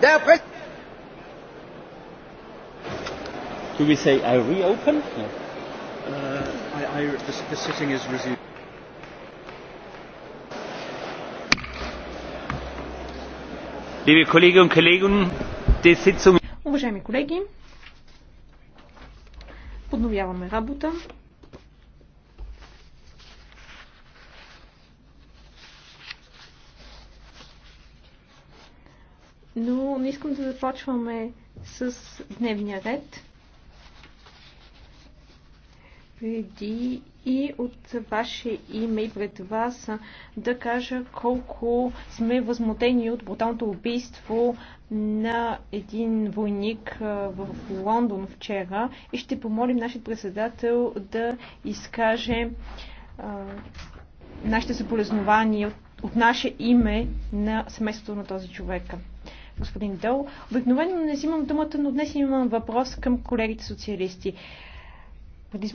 D'après. Do we say I reopen? No. Uh, I, I, the, the sitting is resumed. Liebe Kolleginnen und Kollegen, die Sitzung. Уважаеми колеги, подновяваме работа. но не искам да започваме с дневния ред. Преди и от ваше име и пред вас да кажа колко сме възмутени от бруталното убийство на един войник в Лондон вчера и ще помолим нашия председател да изкаже а, нашите съболезнования от, от наше име на семейството на този човек господин Дол. Обикновено не взимам думата, но днес имам въпрос към колегите социалисти.